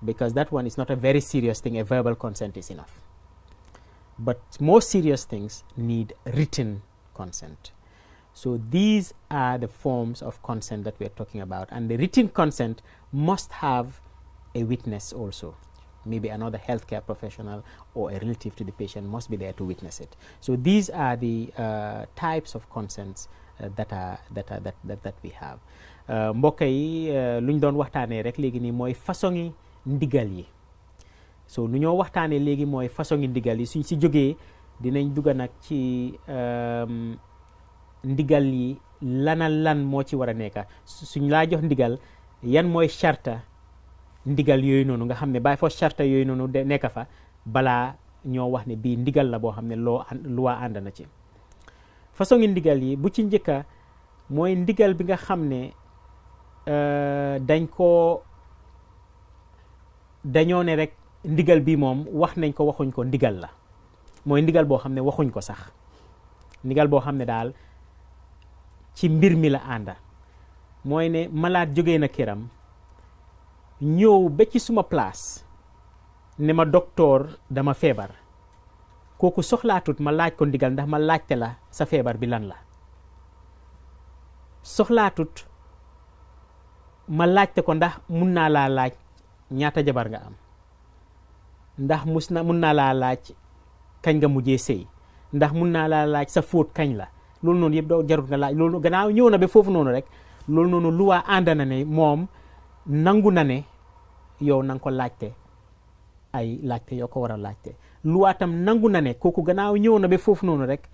because that one is not a very serious thing a verbal consent is enough but more serious things need written consent so these are the forms of consent that we are talking about and the written consent must have a witness also maybe another healthcare professional or a relative to the patient must be there to witness it. So these are the uh, types of consents uh, that we have. Uh, mbokk yi uh, lu ñu doon waxtaanee rek léegi nii mooy façon yi ndigal yi so nu ñoo waxtaanee léegi mooy façon yi ndigal yi suñ si jógee dinañ dugg nag ci um, ndigal yi lana lan moo ci war a nekk suñ laa jox ndigal yan mooy charta ndigal yooyu noonu nga xam ne bàyyi foo charta yooyu noonu de fa balaa ñoo wax ne bii ndigal la boo xam ne loo luwaa ànd na ci façon ngi ndigal yi bu ci njëkka mooy ndigal bi nga xam ne euh, dañ ko dañoo ne rek ndigal bii moom wax nañ ko waxuñ ko ndigal la mooy ndigal boo xam ne waxuñ ko sax ndigal boo xam ne daal ci mbir mi la ànd mooy ne malaat jóge na këram ñëw ba ci suma place ne ma docteur dama feebar kooku soxlaatut ma laaj ko ndigal ndax ma laajte la sa feebar bi lan la soxlaatut ma laajte ko ndax mun naa laa laaj ñaata jabar nga am ndax mus na mun naa laa laaj kañ nga mujjee sëy ndax mun naa laa laaj sa fóot kañ la loolu noonu yëpp doo jarut nga laaj loolu gannaaw ñëw na ba foofu noonu rek loolu noonu lu waa ànd na ne moom nangu na ne yow na ko laajte ay laajte yoo ko war a laajte luwaa tam nangu na ne kooku gannaaw ñëw na ba foofu noonu rek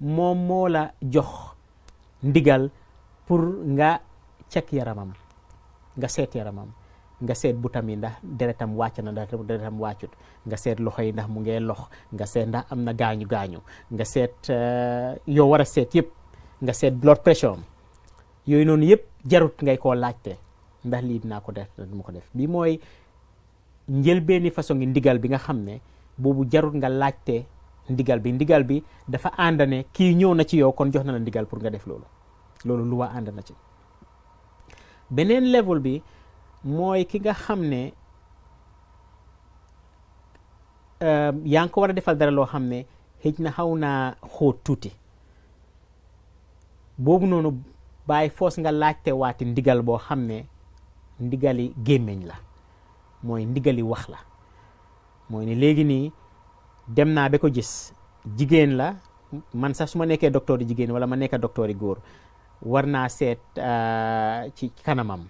moom moo la jox ndigal pour nga cek yaramam nga seet yaramam nga seet butam yi ndax deretam wàcc na ndax deretam wàccut nga seet loxo yi ndax mu ngee lox nga seet ndax am na gaañu gaañu nga seet eh, yoo war a seet yëpp nga seet blood pressure am yooyu noonu yëpp jarut ngay koo laajte ndax lii naa ko def mu mooy njëlbeeni façon ngi ndigal bi nga xam ne boobu jarut nga laajte ndigal bi ndigal bi dafa ànd ne kii ñëw na ci yow kon jox na la ndigal pour nga def loolu loolu lu waa ànd ci beneen level bi mooy ki nga xam ne euh, yaa ngi ko war a defal dara loo xam ne xëj na xaw naa xóot tuuti boobu noonu bàyyi foos nga laajte waati ndigal boo xam ne ndigali gémmiñ la mooy ndigali wax la mooy ne léegi nii dem naa ba ko gis jigéen la man sax su ma nekkee docteur jigéen wala ma nekkee docteur góor war naa seet euh, ci kanamam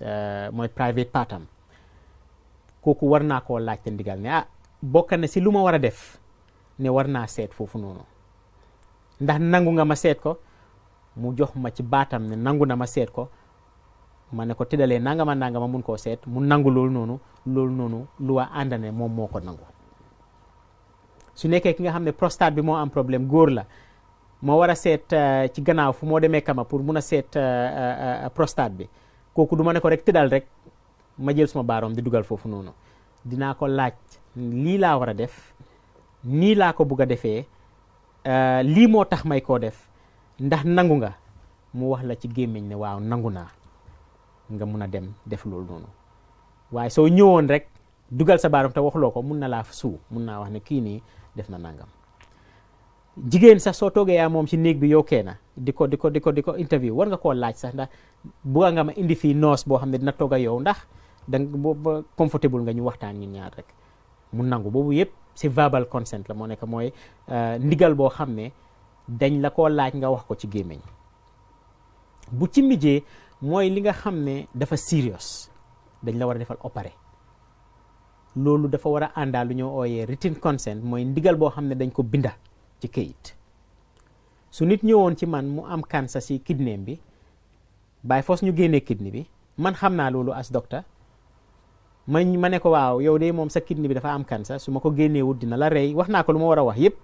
euh, mooy private partam kooku war naa koo laajte ndigal ne ah bokk na si lu ma war a def ne war naa seet foofu noonu ndax nangu nga ma seet ko mu jox ma ci baatam ne nangu na ma seet ko ma ne ko tëddalee nangama nangama mun koo seet mu nangu loolu noonu loolu noonu lu waa àndane moom moo ko nangu su nekkee ki nga xam ne prostate bi moo am problème góor la moo war a seet euh, ci gannaaw fu moo demee kama pour mun a seet euh, euh, prostate bi kooku du ma ne ko rek tëddal rek ma jël suma baaroom di dugal foofu noonu dinaa ko laaj lii laa war a def nii laa ko bugg a defee lii moo tax may koo def ndax nangu nga mu wax la ci gémmiñ ne waaw nangu naa nga mun a dem def loolu noonu waaye soo ñëwoon rek dugal sa baaram te waxuloo ko mun na laa suu mun naa wax ne kii nii def na nangam jigéen sax soo toogee yaa moom ci néeg bi yow kee na di ko di ko di ko di ko interview war nga koo laaj sax ndax bugga nga ma indi fii noos boo xam ne dina toog yow ndax danga ba comfortable nga ñu waxtaan ñu ñaar rek mu nangu boobu yëpp ci verbal consent la moo nekk mooy euh, ndigal boo xam ne dañ la koo laaj nga wax ko ci gémmiñ mooy li nga xam ne dafa serious dañ la war a defal opéré loolu dafa war a àndaal lu ñoo ooyee written consent mooy ndigal boo xam ne dañ ko binda ci këyit su nit ñëwoon ci man mu am cancer si kidney bi bàyyi foos ñu génnee kidney bi man xam naa loolu as docteur ma ma ne waaw yow de moom sa kidney bi dafa am cancer su ma ko génnee wut dina la rey wax naa ko lu ma war a wax yépp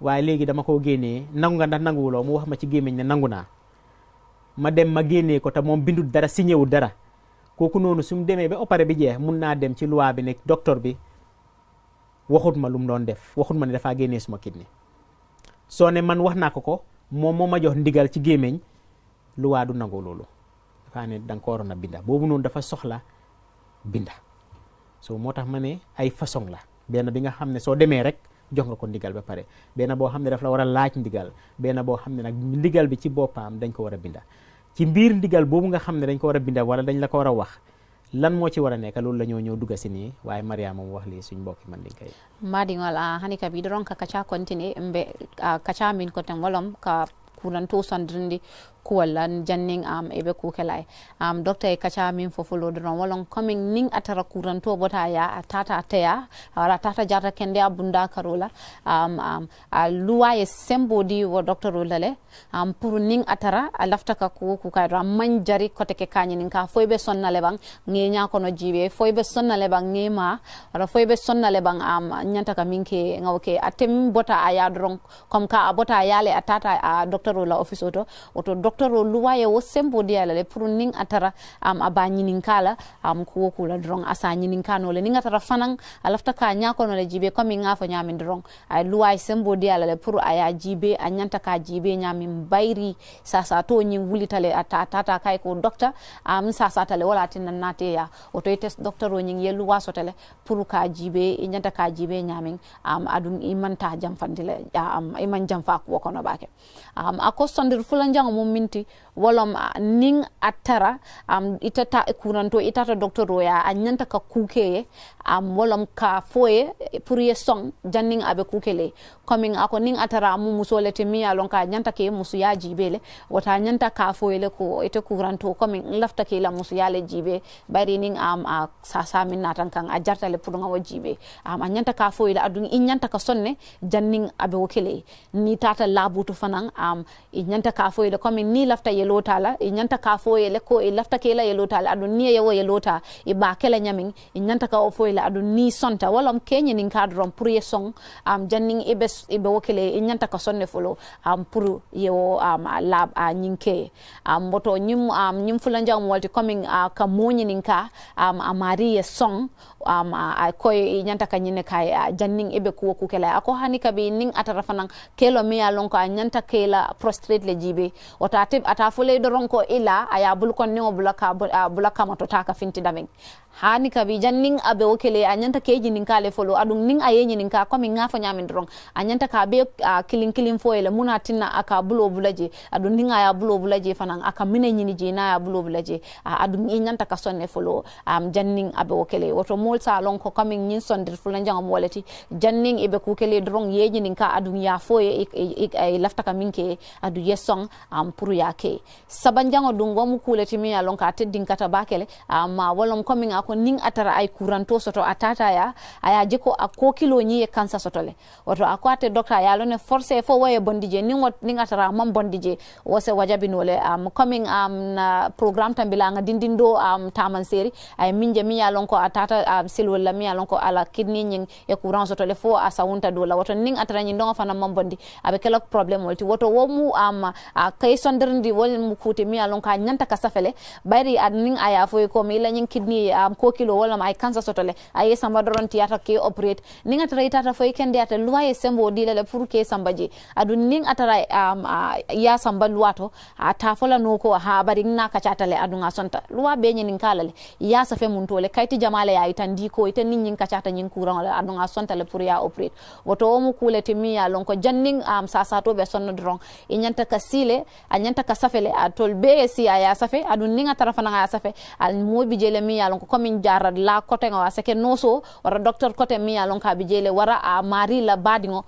waaye léegi dama ko génnee nangu nga ndax nanguwuloo mu wax ma ci gémmiñ ne nangu naa ma dem ma génnee ko te moom bindul dara si wul dara kooku noonu su mu demee ba opéré bi jeex mun naa dem ci loi bi ne docteur bi waxut ma lu mu doon def waxut ma ne dafaa génnee suma kit kidney soo ne man wax naa ko ko moom moo ma jox ndigal ci gémmiñ luwaa du nangoo loolu dafaa ne ko waroon a binda boobu noonu dafa soxla binda soo moo tax ma ne ay façon la benn bi nga xam ne soo demee rek jox nga ko ndigal ba pare benn boo xam ne daf la war a laaj ndigal benn boo xam ne nag ndigal bi ci boppam dañ ko war a binda ci mbiir ndigal boobu nga xam ne dañ ko war a binda wala dañ la ko war a wax lan moo ci war a nekk loolu la ñoo ñëw dugga si nii waaye mariama mu wax li suñ mbokki man din koy madiŋol a ah, xanika bi doron ka kaca kontine mbe a ah, kaca min tam walom ka kunan to kuwalan janning am um, ebe kukelay am um, docteur e kacha min fofolo doron walon coming ning atara kuranto bota ya tata teya wala tata jarta kende abunda karola am am a luwa e sembo di wo docteur olale am pour ning atara a lafta ka ko ku kayro man jari kote ke kanyi nin ka foybe sonna leban ngenya kono jibe foybe sonna leban ngema wala foybe sonnale leban am um, nyanta ka minke ngawke atem bota aya doron comme ka bota yale atata a docteur ola office oto oto docteur o luwaye wo sembodi ala le pour nin atara um, aba ñininkala um, kuwo la doron asa ñininkanole nin atara fanan alafta ka ñakonole jibe comme nga fo ñamin doron a luwaye sembodi ala le pour aya jibe a ñanta ka jibe ñamin bayri sasa to ñin wulitale atata kai ko docteur am um, sasa tale wala tinan nateya oto test docteur o ñin ye luwa sotale pour ka jibe e ñanta ka jibe ñamin um, adum imanta jamfandile um, iman jamfa kuwo kono bake um, a ko sondir fulan jango mum community walom ah, nin a tara ita itata kuranto itata docteur ya a ñanta ka kuke um, walom ka foye pour ye song jan abe kukele coming ako nin a tara mu muso te miya lon ka ñanta ke musu ya jibele wata ñanta ka foye le ko ita kuranto coming lafta ke la musu ya le jibe bari nin am a sasa min natan kan a jarta le pour ngawo jibe um, a ñanta ka foye le adun i ñanta ka sonne jan abe wokele ni tata labutu fanan am i ñanta ka foye le coming ni lafta ye yelota la i ñanta ka fo yele ko i lafta ke la yelota la aɗum niye yewo yelota i ba kele ñamin i ñanta ka o fo yele aɗum ni sonta walam keñinin ka doron pour ye son um, jannin ibe ibe wokele i ñanta ka sonne folo am pour yewo am lab a ñinkeye am boto ñim um, ñim fulanjang walti commin a ka nin ka am a mari ye son am a koy ñanta ka ñine kay a jannin ibe woku kele ako hani kabi nin atara fanan kelo mi ya lonko a ñanta kela prostrate le jibe wata tib ata foley doron ronko ila aya bulkon ni bula bulaka bula ka mato ta finti dameng hani ka bi janning abe o kele anyanta keji nin kale folo adun nin aye nin ka komi ngafo nyamin doron anyanta ka be uh, kilin kilin fo ele muna tinna aka bulo bulaje adun nin aya bulo bulaje fanan aka mine nyini je na aya bulo bulaje uh, adun nyanta ka sonne folo um, janning abe o kele woto mol sa lon ko komi nyin sondir fulan jang molati jan ning ibe ku kele dron yeji nin ka adun ya fo e eh, laftaka minke adu yesong um, puru yake sabanjango ɗum womo kuulete min alon ka kata bakele amma walom commin a ko nin atara ay couranto soto atata ya aya je ko a kilo ni e kansa sotole woto a ko ate docteur lone forcé fo waye bondije ning wat ning atara mam bondije wose wajabi nole am coming am na program programme tambilanga dindindo am taman seri ay minje mi min yalon ko a tata um, silwolla min yalon ko ala kidni ning e courant le fo asa sawunta do la woto ning atara ni ndonga fana mam bondi abe kelok problem wolti woto womu um, a kay sondirndi wol wolin mu kuti mi alon ka nyanta ka safele bari adnin aya fo ko mi la nyin kidni am um, ko kilo wala ay kansa sotole ay samba doron tiyata ke operate ninga tara itata fo ikende ata luwaye sembo dilele pour ke sambaji adun ning atara um, ya samba luwato ata fola no ko ha bari na ka chatale adun asonta luwa be nyin kalale ya safe mun tole kayti jamale ya itandi ko iten nin nyin ka chata nyin kuran adun asonta le pour ya operate woto mu kulete mi alon ko janning am um, sasato be sonno doron inyanta ka sile anyanta ka safele a tol be siyaya safe aɗum niga tara fanaga safe al moɓi jeele mi yalon ko commin jarra la coté ga wa sake noso wara docteur coté mi yalon ko a mari la badiŋo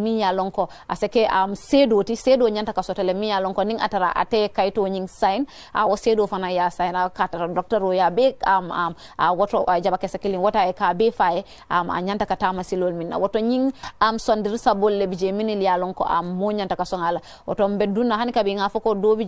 mi yalon a mi o seedo fana ya sain a katara o ya be a woto a jaba kese kilin wota e ka be faye am a ñanta a woto ñing am sondir sabolle bi woto mbe dunna hani kabi ŋa fo ko dobi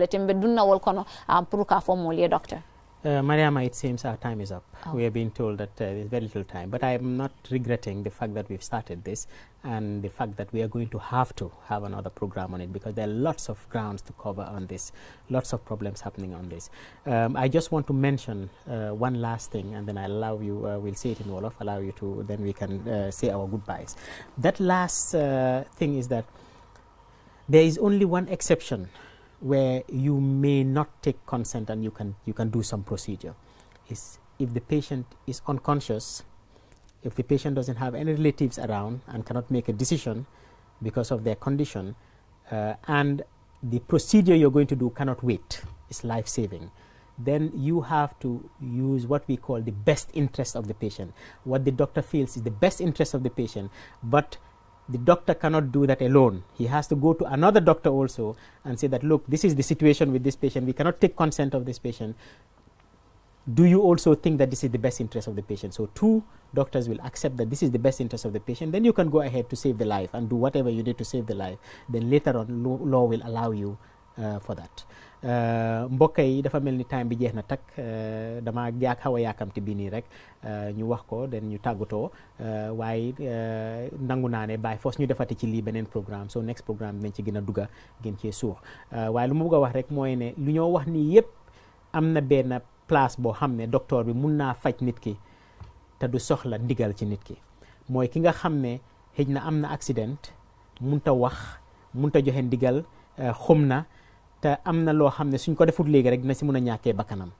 je tembe kono pour ka fo docteur Uh, Mariama, it seems our time is up. Oh. We have been told that uh, there's very little time, but I'm not regretting the fact that we've started this and the fact that we are going to have to have another program on it because there are lots of grounds to cover on this, lots of problems happening on this. Um, I just want to mention uh, one last thing and then I allow you, uh, we'll say it in Wolof, allow you to, then we can uh, say our goodbyes. That last uh, thing is that there is only one exception where you may not take consent and you can, you can do some procedure is if the patient is unconscious, if the patient doesn't have any relatives around and cannot make a decision because of their condition, uh, and the procedure you're going to do cannot wait, it's life saving, then you have to use what we call the best interest of the patient. What the doctor feels is the best interest of the patient, but the doctor cannot do that alone. He has to go to another doctor also and say that, look, this is the situation with this patient. We cannot take consent of this patient. Do you also think that this is the best interest of the patient? So, two doctors will accept that this is the best interest of the patient. Then you can go ahead to save the life and do whatever you need to save the life. Then later on, law will allow you uh, for that. Euh, mbokk yi dafa mel ni time bi jeex na takk euh, dama yaak xaw a yaakamti bi nii rek euh, ñu wax ko den ñu tàggatoo waaye nangu naa ne bàyyi foos ñu defati ci lii beneen programme so next programme dinañ ci gën a dugga gën cee suux waaye lu ma bëgg wax rek mooy ne lu ñoo wax nii yépp am na benn place boo xam ne docteur bi mun naa faj nit ki te du soxla ndigal ci nit ki mooy ki nga xam ne xëj na am na accident munta wax munta joxe ndigal xum na te am na loo xam ne suñ ko defut léegi rek dina si mun a ñàkkee bakkanam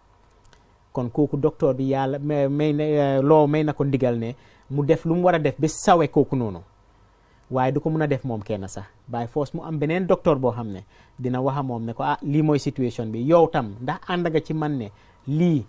kon kooku docteur bi yàlla may na euh, loo may na ko ndigal ne mu def lu mu war a def ba sawe kooku noonu waaye du ko mun a def moom kenn sax by force mu am beneen docteur boo xam ne dina wax moom ne ko ah lii mooy situation bi yow tam ndax àndanga ci man ne lii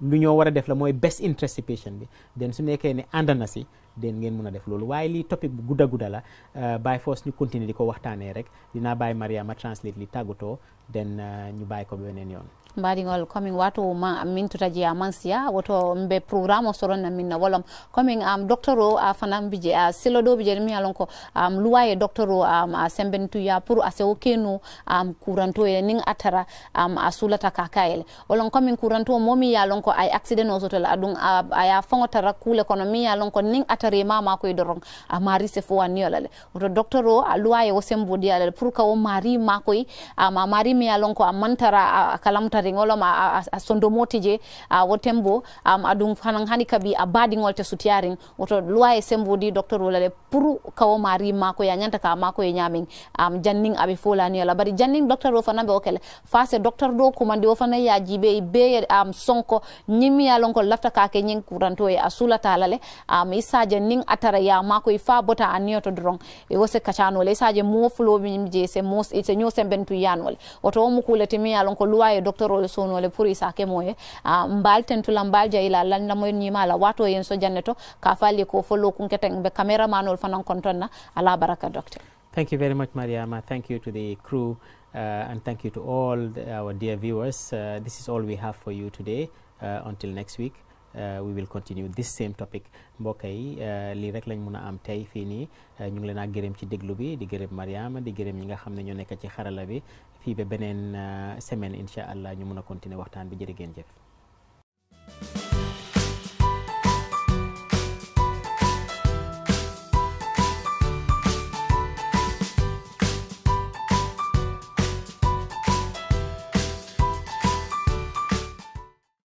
lu ñoo war a def la mooy best interest patient bi den su nekkee ni ànd na si den ngeen mun a def loolu waaye lii topic bu gudda gudda la euh, by force ñu continuer di ko waxtaanee rek dinaa bàyyi Mariama translate li tàggatoo den euh, ñu bàyyi ko weneen yoon. mbaɗigol komin wato min tutaji a mansiya woto mbe programme o soronna minna wolom komin am um, docteur o a uh, fana bije a uh, silo ɗo mbije mi alon ko am luwa e docteur o am a sembentuya pour a sewo kenu am couranto e nin atara am um, a sulata kaka wolon komin couranto o momi yalon ko ay accident o sotol aɗum uh, aya fongo tara kuule kono mi yalon ko nin atare mama koye doron a mari se fo wanniyolale woto docteur o a luwa e wo sembodialale pour ka o mari makoye am um, a mari mi yalon ko a mantara a kalamtare ringol ma a, a, a sondomoti je a wotembo um, aɗum hanan hani kabi a baɗigol te sutiyarin woto loi e di docteur wolale pour kawo ma rimma ko ya ñanta ka mako ko e ñamin um, jannin aɓe folani ala bari jannin docteur o fana o kele face docteur ɗo kumandi o fana ya jibe be um, sonko ñimmiya lonko lafta kake ñin kuranto e a sulatalale um, isaje nin atara ya ma ko e fa bota a niyoto doron e wose kacanole isaje mofuloɓi je se mo se ñosembentu yanole woto womu kuletimi ya lonko loi e docteur torol sonole pour isa ke moye a ah, mbal tentula mbal ja ila lan moy nyima la wato yen so janneto ka faali ko follo kun keten be camera manol fanan kontonna ala baraka docteur Thank you very much, Mariama. Thank you to the crew uh, and thank you to all the, our dear viewers. Uh, this is all we have for you today. Uh, until next week. Euh, we will continue this same topic mbokk yi euh, lii rek lañ mun a am tey fii nii euh, ñu ngi leen a gërëm ci déglu bi di gërëm Mariama di gërëm ñi nga xam ne ñoo nekk ci xarala bi fii ba beneen semaine incha allah ñu mun a continuer waxtaan bi jërë ngeen